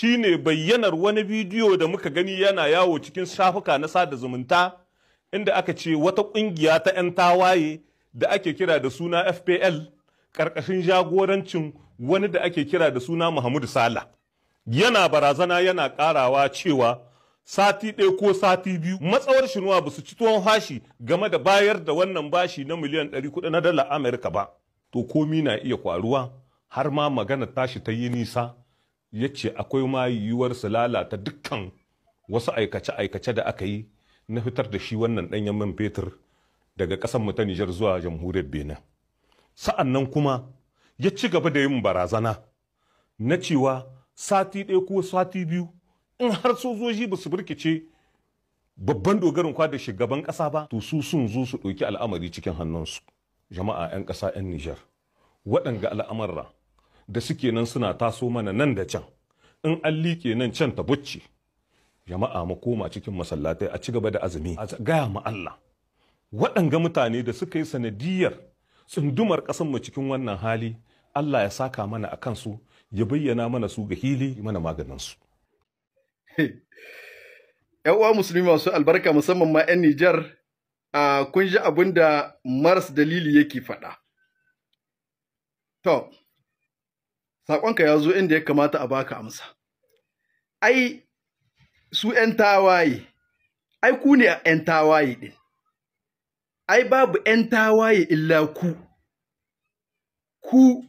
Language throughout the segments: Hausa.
shine bayyanar wani bidiyo da muka gani yana yawo cikin shafuka na sada zumunta inda aka ce wata ƙungiya ta 'yan tawaye da ake kira da suna FPL ƙarƙashin jagorancin wani da ake kira da suna Muhammadu Sala. Yana barazana yana ƙarawa cewa sati ɗaya ko sati biyu matsawar shinuwa ba su ci tuwon hashi game da bayar da wannan bashi na miliyan 400 na dala Amurka ba. To komi na iya kwaruwa har ma magana tashi ta yi nisa. ya ce akwai ma yiwuwar su lalata dukkan wasu aikace-aikace da aka yi na fitar da shi wannan ɗanyen man fetur daga ƙasar mu ta Nijar zuwa jamhuriyar Benin. Sa'an nan kuma ya ci gaba da yin barazana na cewa sati ɗaya ko sati biyu in har sojoji ba su birkice babban dogarin kwa da shugaban ƙasa ba to su sun zo su ɗauki al'amari cikin hannunsu jama'a 'yan ƙasa 'yan Nijar waɗanga al'amarra da suke nan suna taso mana nan da can in an liƙe nan can ta bucce jama'a mu koma cikin masallatai a ci gaba da azumi a gaya mu Allah waɗanga mutane da suka yi sanadiyar tsundumar ƙasar mu cikin wannan hali Allah ya saka mana a kansu ya bayyana mana su ga hili mana maganin su. ya uwa musulmi masu albarka musamman ma ‘yan Nijar kun ji abin da maras dalili yake faɗa. To, saƙonka ya zo inda ya kamata a baka amsa ai su 'yan tawaye ai ku ne 'yan tawaye ɗin ai babu 'yan tawaye illa ku ku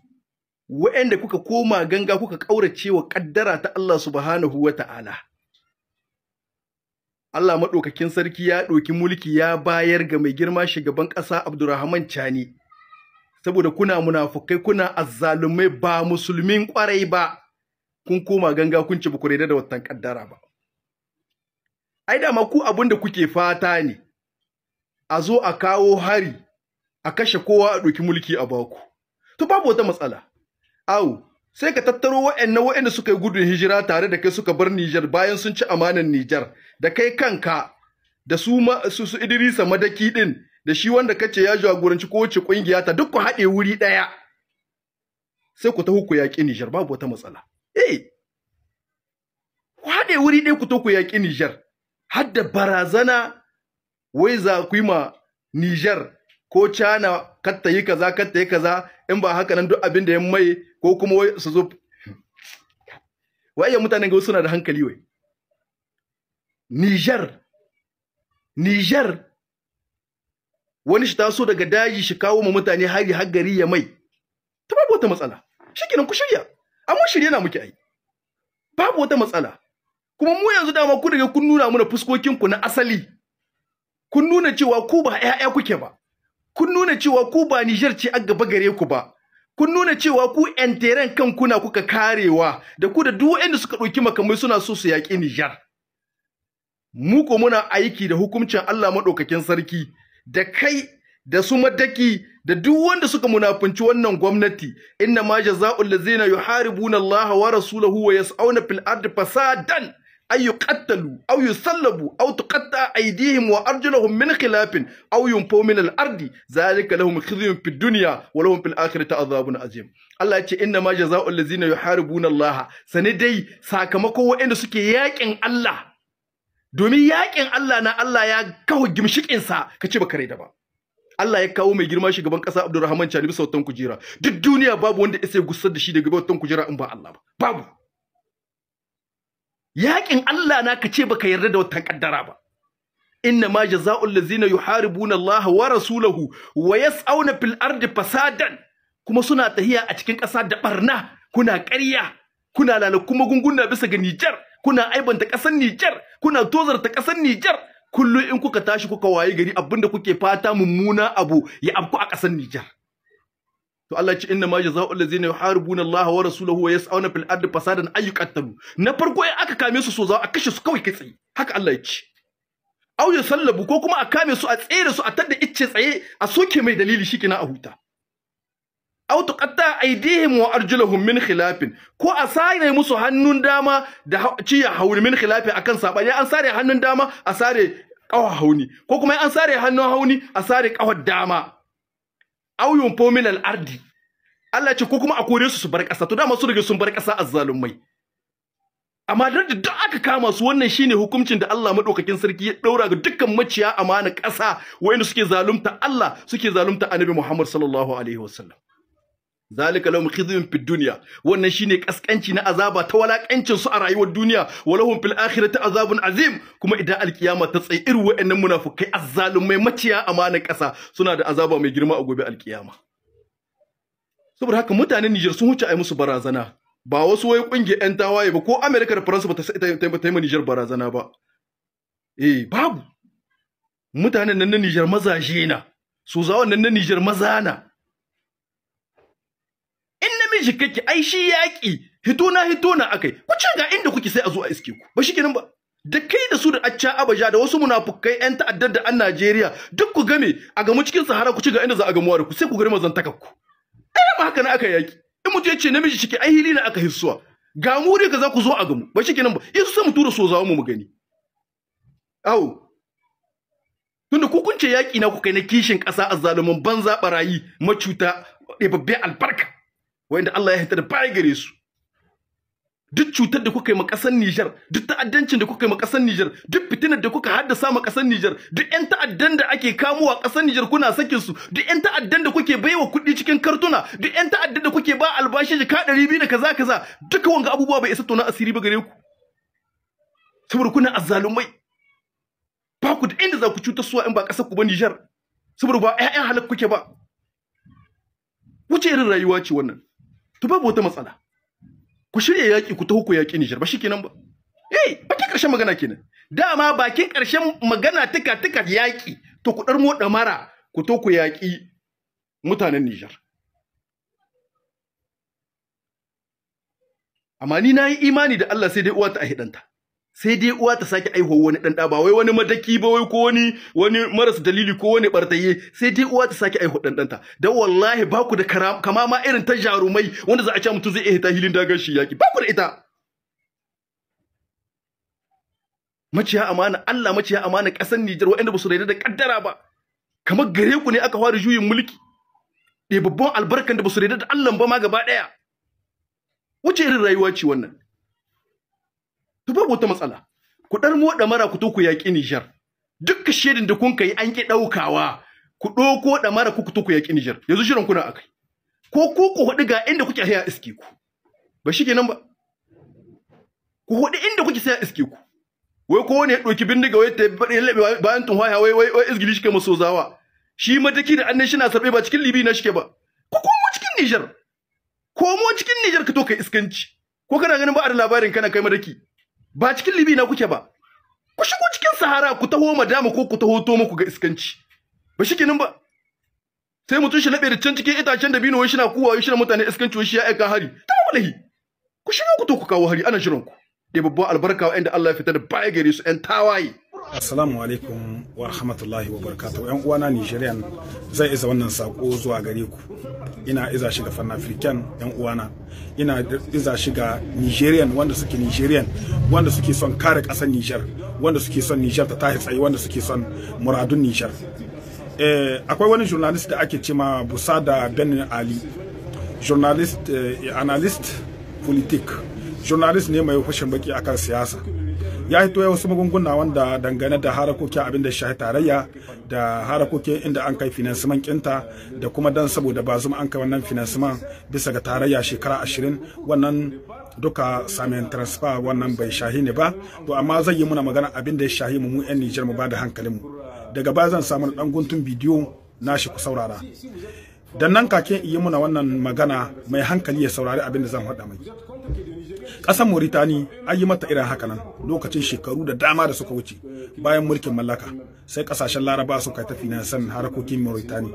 wayanda kuka koma ganga kuka ƙaurace wa ƙaddara ta Allah subhanahu wa ta'ala. Allah maɗaukakin sarki ya ɗauki mulki ya bayar ga mai girma shugaban ƙasa Abdurrahman Chani saboda kuna munafukai kuna azzalumai ba musulmin kwarai ba kun koma ganga kun ci bukure da watan kaddara ba ai da ma ku abin da kuke fata ne a zo a kawo hari a kashe kowa a ɗauki mulki a baku to babu wata matsala au sai ka tattaro wa'annan wa'anda suka yi gudun hijira tare da kai suka bar Nijar bayan sun ci amanan Nijar da kai kanka da su su Idrisa madaki din da shi wanda kace ya jagoranci kowace kungiya ta duk ku haɗe wuri ɗaya sai ku taho ku yaƙi Nijar babu wata matsala eh ku haɗe wuri ɗaya ku to ku yaƙi Nijar har da barazana wai za ku yi ma Nijar ko cana kar ta yi kaza kar ta yi kaza in ba haka nan duk abin da ya mai ko kuma wai su zo waye mutanen ga suna da hankali wai Nijar Nijar wani shi taso daga daji shi kawo mu mutane hari har gari ya mai ta babu wata matsala shikenan ku shirya amma shirye na muke ai babu wata matsala kuma mu yanzu dama ku daga kun nuna muna fuskokin ku na asali kun nuna cewa ku ba ƴaƴa kuke ba kun nuna cewa ku ba Niger ce a gaba gare ku ba kun nuna cewa ku ƴan teren kan kuna kuka karewa da ku da duk wanda suka ɗauki makamai suna so su yaƙi Niger mu ko muna aiki da hukuncin Allah madaukakin sarki da kai da su mataki da duk wanda suka munafunci wannan gwamnati inna ma jazaa'ul ladzina yuharibuna Allah wa rasulahu wa yas'una fil ardi fasadan ay yuqattalu aw yusallabu aw tuqatta aydihim wa arjuluhum min khilafin aw yunfaw min al ardi zalika lahum khizyun fid dunya wa lahum fil akhirati adhabun azim Allah ya ce inna ma jazaa'ul ladzina yuharibuna Allah sani dai sakamakon waɗanda suke yakin Allah domin yakin Allah na Allah ya kawo gimshikin sa ce baka rai da ba Allah ya kawo mai girma shugaban ƙasa, Abdulrahman Chani bisa watan kujera duk duniya babu wanda isa gusar da shi daga watan kujera in ba Allah ba babu yakin Allah na ka kace baka yarda da watan kaddara ba inna ma jazaa'ul ladzina yuharibuna Allah wa rasulahu wa tsauna fil ardi fasadan kuma suna tahiya a cikin ƙasa da ɓarna, kuna ƙarya kuna lalakun magunguna bisa ga Nijar kuna aibanta ƙasar Nijar kuna tozarta ƙasar Nijar kullum in kuka tashi kuka waye gari abinda kuke fata mummuna abu ya afku a ƙasar Nijar to Allah ce inna ma jazaa'ul ladzina yuharibuna Allah wa rasulahu wa yas'una fil ardi fasadan ayyuqatalu na farko in aka kame su so za a kashe su kawai kai tsaye haka Allah ya ce au ya sallabu ko kuma a kame su a tsere su a tadda icce tsaye a soke mai dalili shikenan a huta aw tuqatta aydihim wa arjuluhum min khilafin ko a sare musu hannun dama da ciya hauni min khilafi akan sabani an sare hannun dama a sare hauni ko kuma an sare hannun hauni a sare kawar dama aw yunfo min al-ardi Allah ce ko kuma a kore su su bar ƙasa to dama su riga sun bar ƙasa azzalumai amma da duk aka kama su wannan shine hukuncin da Allah madaukakin sarki ya daura ga dukkan maciya amana ƙasa wayanda suke zalunta Allah suke zalunta anabi Muhammad sallallahu alaihi sallam. zalika lahum khizyun fid dunya wannan shine kaskanci na azaba ta walakancin su a rayuwar duniya walahum fil ta azabun azim kuma idan alkiyama ta tsayi iri wayannan munafukai azzalumai maciya amana kasa suna da azaba mai girma a gobe alkiyama saboda haka mutanen Niger sun huce a musu barazana ba wasu wai kungiyar yan tawaye ba ko America da Faransa ba ta ta yi Niger barazana ba eh babu mutanen nan na mazaje na su zawon nan maza na jikakki ai shi yaƙi hitona hitona akai ku ce ga inda kuke sai a zo a iske ku ba shikenan ba da kai da su da acca abaja da wasu munafukai yan ta'addar da an Najeriya duk ku game a gamu cikin sahara ku ci ga inda za a gamuwa da ku sai ku gari mazantakar ku ai ba haka na aka yaki in mutum ya ce namiji shike ai hili na aka hissuwa ga mu dai kaza ku zo a gamu ba shikenan ba in sai mu tura so zawo mu mu gani au tunda ku kun ce yaki na ku kai na kishin ƙasa azzaluman banza barayi macuta ɗebabbe albarka wanda Allah ya hita da baya gare su duk cutar da kuka yi ma Nijar, duk ta'addancin da kuka yi ma Nijar, duk fitinar da kuka haddasa ma Nijar, duk ƴan ta'addan da ake kamowa ƙasar Nijar kuna sakin su, duk ƴan ta'addan da kuke baiwa kuɗi cikin kartuna, duk ƴan ta'addan da kuke ba albashi ka ɗari biyu da kaza kaza, duka wanga abubuwa bai isa tona asiri ba gare ku. Saboda kuna azzalumai. Ba ku da inda za ku cutar suwa in ba ƙasar ku ba Nijar. Saboda ba ƴaƴan halak kuke ba. Wuce irin rayuwa ce wannan. to babu wata matsala ku shirya yaƙi ku taho ku yaƙi Nijar ba shikenan ba eh bakin ƙarshen magana kenan dama bakin ƙarshen magana tuka tuka yaƙi to ku ɗarmo ɗamara ku to ku yaƙi mutanen Nijar amma ni na yi imani da Allah sai dai uwata a hidanta sai dai uwa ta sake aihuwa wani ɗan ba wai wani madaki ba wai ko wani wani maras dalili ko wani bartaye sai dai uwa ta sake aihuwa ɗan ɗanta dan wallahi ba ku da kama ma irin ta jarumai wanda za a ce mutum zai iya ta hilin dagar shi yaki ba ku da ita maciya amana Allah maciya amana ƙasar Nijar waɗanda ba su da kaddara ba kamar gare ku ne aka fara juyin mulki ɗebabban albarkan da ba su da Allah ba ma gaba ɗaya Wuce irin rayuwa ce wannan to babu wata matsala ku dar mu da mara ku to ku yaki Niger duk shirin da kun kai an ki daukawa ku doko da mara ku to ku yaki Niger yanzu shirin kuna akai ko ku ku hudu ga inda kuke haya iske ku ba shi nan ba ku hudu inda kuke saya iske ku wai ko ya doki bindiga wai ta bayan tun haya wai wai isgili shi kai masozawa. zawa shi mataki da annan shi na ba cikin libi na shike ba ku komo cikin Niger komo cikin Niger ka to kai iskanci ko kana ganin ba a da labarin kana kai madaki ba cikin libi na kuke ba ku shigo cikin sahara ku taho madama ko ku taho to muku ga iskanci ba shi kenan ba sai mutum shi naɓe da can cikin itacen dabino wai shina kuwa shi na mutane iskanci shi ya aika hari ta wallahi ku shigo ku to ku kawo hari ana shirin ku da babban albarka wa'anda Allah ya fitar da baya gare su ƴan tawaye Assalamu alaikum wa rahmatullahi wa barakatuhu ‘yan uwana Nigerian zai isa wannan sako zuwa gare ku. Ina iza shi ga Fanafrican ‘yan uwana, ina iza shi ga Nigerian wanda suke Nigerian, wanda suke son kare ƙasar Niger, wanda suke son Niger ta tahi tsaye, wanda suke son muradun Niger. Eh, akwai wani journalist da ake cema Busada Benin Ali, journalist, eh, analyst, politik, journalist ne mai fashin baki akan siyasa. ya hito ya wasu magunguna wanda dangane da harakokin abin da shahi tarayya da harakokin inda an kai finansiman kinta da kuma dan saboda ba zuma an kai wannan finansiman bisa ga tarayya shekara ashirin wannan duka samin transfer wannan bai shahi ne ba to amma zai yi muna magana abin da ya shahi mu mu yan Nijar mu ba da hankalinmu daga baya zan samu dan guntun bidiyo na shi ku saurara dan nan kake yi muna wannan magana mai hankali ya saurari abin da zan faɗa mai ƙasar Mauritani an yi mata irin haka nan lokacin shekaru da dama da suka wuce bayan mulkin mallaka sai ƙasashen Laraba su tafi na san harkokin Mauritani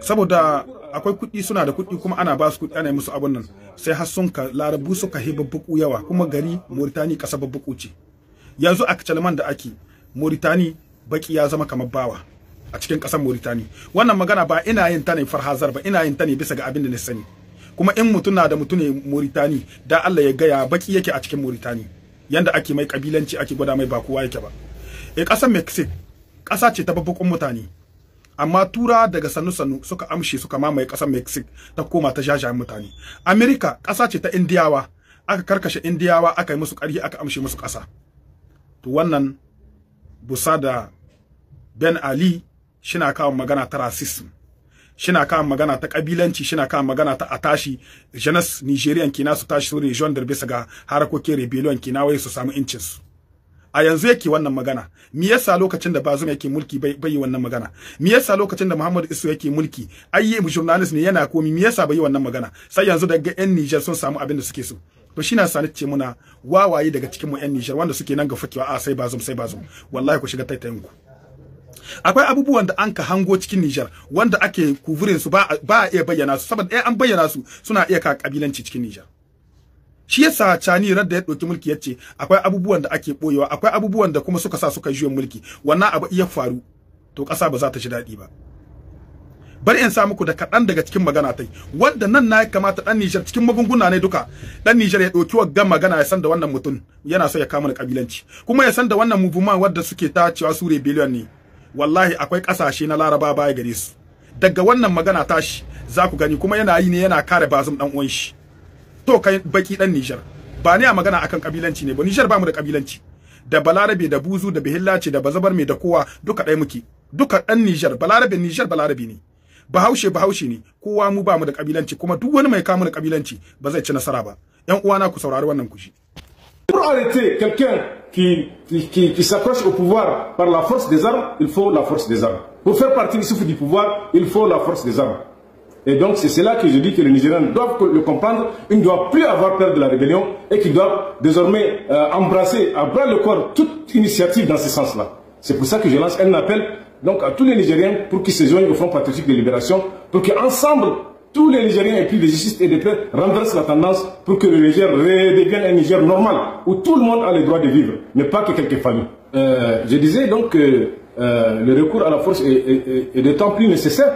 saboda akwai kuɗi suna da kuɗi kuma ana ba su kuɗi ana musu abun nan sai har sun ka Larabu suka hi babbuku yawa kuma gari Mauritani ƙasa babbuku ce yanzu a kacalman da ake Mauritani baki ya zama kamar bawa a cikin ƙasar Mauritania wannan magana ba ina yin ta ne farhazar ba ina yin ta ne bisa ga abin da na sani kuma in mutum na da mutum ne Mauritania da Allah ya gaya baki yake a cikin Mauritania yanda ake mai kabilanci ake gwada mai ba kowa yake ba eh ƙasar Mexico ƙasa ce ta babbakon mutane amma tura daga sannu sannu suka amshe suka mamaye ƙasar Mexico ta koma ta jajayen mutane America ƙasa ce ta Indiyawa aka karkashe Indiyawa aka yi musu ƙarhi aka amshe musu ƙasa to wannan busa da Ben Ali shina kawo magana ta racism shina kawo magana ta kabilanci shina kawo magana ta atashi jenas nigerian kina su tashi su region da bisa ga harakokin rebellion kina waye su samu incin su a yanzu yake wannan magana me yasa lokacin da Bazum yake mulki bai yi wannan magana me yasa lokacin da Muhammad Isu yake mulki ayye journalist ne yana komi me yasa bai yi wannan magana sai yanzu daga yan Niger sun samu abin da suke so to shi na sani ce muna wawaye daga cikin mu yan Niger wanda suke nan ga fakewa a ah, sai Bazum sai Bazum wallahi ku shiga taitayin ku akwai abubuwan da an ka hango cikin Nijar wanda ake kuvurin su ba a iya bayyana su saboda ɗaya an bayyana su suna iya ka kabilanci cikin Nijar shi yasa Chani da ya ɗauki mulki yace akwai abubuwan da ake boyewa akwai abubuwan da kuma suka sa suka juyin mulki wannan abu iya faru to kasa ba za ta ji daɗi ba bari in sa muku da kaɗan daga cikin magana tai wanda nan na kamata ɗan Nijar cikin magunguna ne duka dan Nijar ya ɗauki wagga magana ya san da wannan mutum yana so ya kama da kabilanci kuma ya san da wannan movement wanda suke ta cewa su billion ne wallahi akwai kasashe na laraba baya gare su daga wannan magana tashi za ku gani kuma yana yi ne yana kare bazum dan uwan shi to kai baki dan Niger ba ne a magana akan kabilanci ne ba Niger ba mu da kabilanci da Balarabe da Buzu da Bihillaci da Bazabar mai da kowa duka ɗaya muke duka dan Niger Balarabe Niger Balarabe ne Bahaushe Bahaushe ne kowa mu ba mu da kabilanci kuma duk wani mai kamu da kabilanci ba zai ci nasara ba yan uwana ku saurari wannan kushi priorité quelqu'un qui, qui, au pouvoir par la force des armes, il faut la force des armes. Pour faire partie du souffle du pouvoir, il faut la force des armes. Et donc c'est cela que je dis que les Nigériens doivent le comprendre, ils ne doivent plus avoir peur de la rébellion et qu'ils doivent désormais euh, embrasser à bras le corps toute initiative dans ce sens-là. C'est pour ça que je lance un appel donc à tous les Nigériens pour qu'ils se joignent au Front patriotique de libération, pour qu'ensemble tous les Nigériens et puis les justices et les paix renversent la tendance pour que le Niger redevienne un Niger normal, où tout le monde a le droit de vivre, mais pas que quelques familles. Euh, je disais donc que euh, le recours à la force est, d'autant plus nécessaire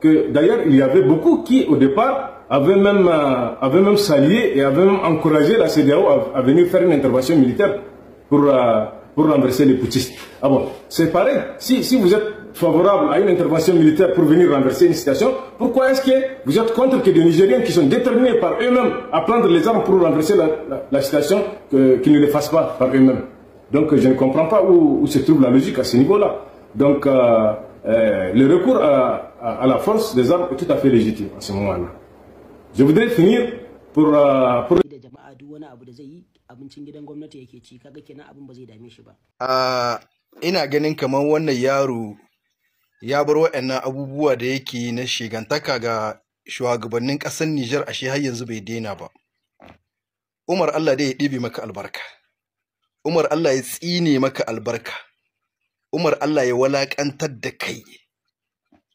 que d'ailleurs il y avait beaucoup qui au départ avaient même, euh, avaient salué et avaient même encouragé la CDAO à venir faire une intervention militaire pour pour renverser les putschistes. Ah bon, c'est pareil. Si, si vous êtes favorable à une intervention militaire pour venir renverser une situation, pourquoi est-ce que vous êtes contre que des Nigériens qui sont déterminés par eux-mêmes à prendre les armes pour renverser la, situation, qu'ils ne les fassent pas par eux-mêmes Donc je ne comprends pas où, se trouve la logique à ce niveau-là. Donc euh, euh, le recours à, la force des armes est tout à fait légitime à ce moment-là. Je voudrais finir pour... Euh, abincin gidan gwamnati yake ci kaga kenan abin ba zai dame shi ba a ina ganin kamar wannan yaro ya bar waɗannan abubuwa da yake na shigantaka ga shugabannin ƙasar Nijar ashe har yanzu bai daina ba Umar Allah dai ya ɗibe maka albarka Umar Allah ya tsine maka albarka Umar Allah ya walakantar da kai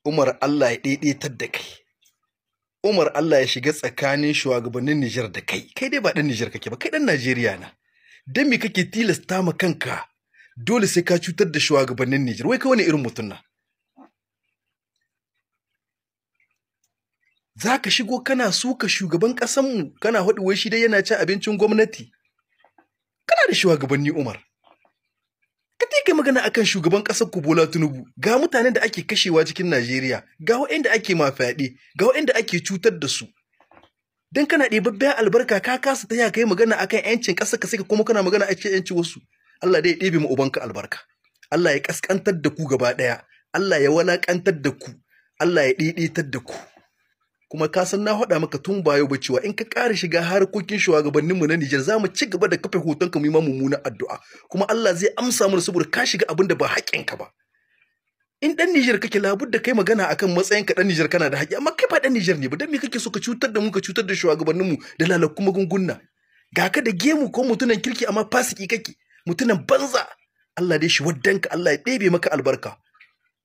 Umar Allah ya ɗaiɗaitar da kai Umar Allah ya shiga tsakanin shugabannin Nijar da kai kai dai ba ɗan Nijar kake ba kai ɗan Najeriya na dan me kake tilasta ma kanka dole sai ka cutar da shugabannin Nijar wai kai wani irin mutum na za ka shigo kana suka shugaban ƙasanmu kana haɗuwa shi dai yana cin abincin gwamnati kana da shugabanni Umar dai kai magana akan shugaban ƙasar ku Bola Tinubu ga mutanen da ake kashewa cikin Najeriya ga waɗanda ake ma ga waɗanda ake cutar da su dan kana ɗebabbiya albarka ka kasa ta kai magana akan yancin ƙasar ka sai kuma kana magana a cikin yancin wasu Allah dai ya ɗebe mu ubanka albarka Allah ya kaskantar da ku gaba ɗaya Allah ya walakantar da ku Allah ya ɗiɗitar da ku kuma ka san na faɗa maka tun ba yau ba cewa in ka ƙara shiga harkokin shugabanninmu na Nijar za mu ci gaba da kafe hoton ka mu yi ma mummunan addu'a kuma Allah zai amsa mana saboda ka shiga abin da ba ka ba in dan Nijar kake labud da kai magana akan matsayin ka dan Nijar kana da haƙƙi amma kai ba dan Nijar ne ba dan me kake so ka cutar da mu ka cutar da shugabanninmu da lalakku magungunna ga ka da gemu ko mutunan kirki amma fasiki kake mutunan banza Allah dai shi waddanka Allah ya ɗebe maka albarka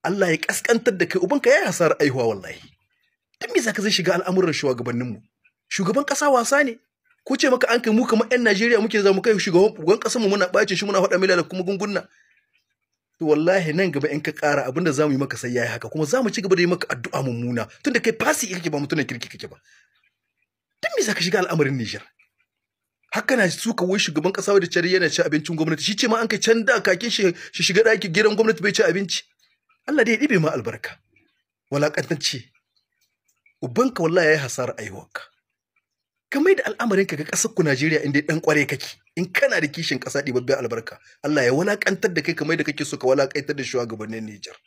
Allah ya kaskantar da kai ubanka ya hasar aihuwa wallahi dan me zaka zai shiga al'amuran mu. shugaban ƙasa wasa ne ko ce maka an kai mu kamar 'yan Najeriya muke za mu kai shugaban ƙasar mu muna ɓace shi muna faɗa mai da kuma gungunna to wallahi nan gaba in ka ƙara abin da zamu yi maka sai yayi haka kuma zamu ci gaba da yi maka addu'a mummuna tunda kai fasi kake ba mutunan kirki kake ba dan me zaka shiga al'amarin Niger haka na su kawai shugaban ƙasa da cari yana ci abincin gwamnati shi ce ma an kai can da kakin shi shiga ɗaki gidan gwamnati bai ci abinci Allah dai ya ɗibe ma albarka ƙantance ubanka wallahi yayi hasarar aiwanka ka mai da al'amarin ka ga ƙasar ku Najeriya inda dan kware kake in kana da kishin ƙasa ɗibabben albarka Allah ya walakantar da kai kamar da kake so ka walaƙantar da shugabannin Nijar.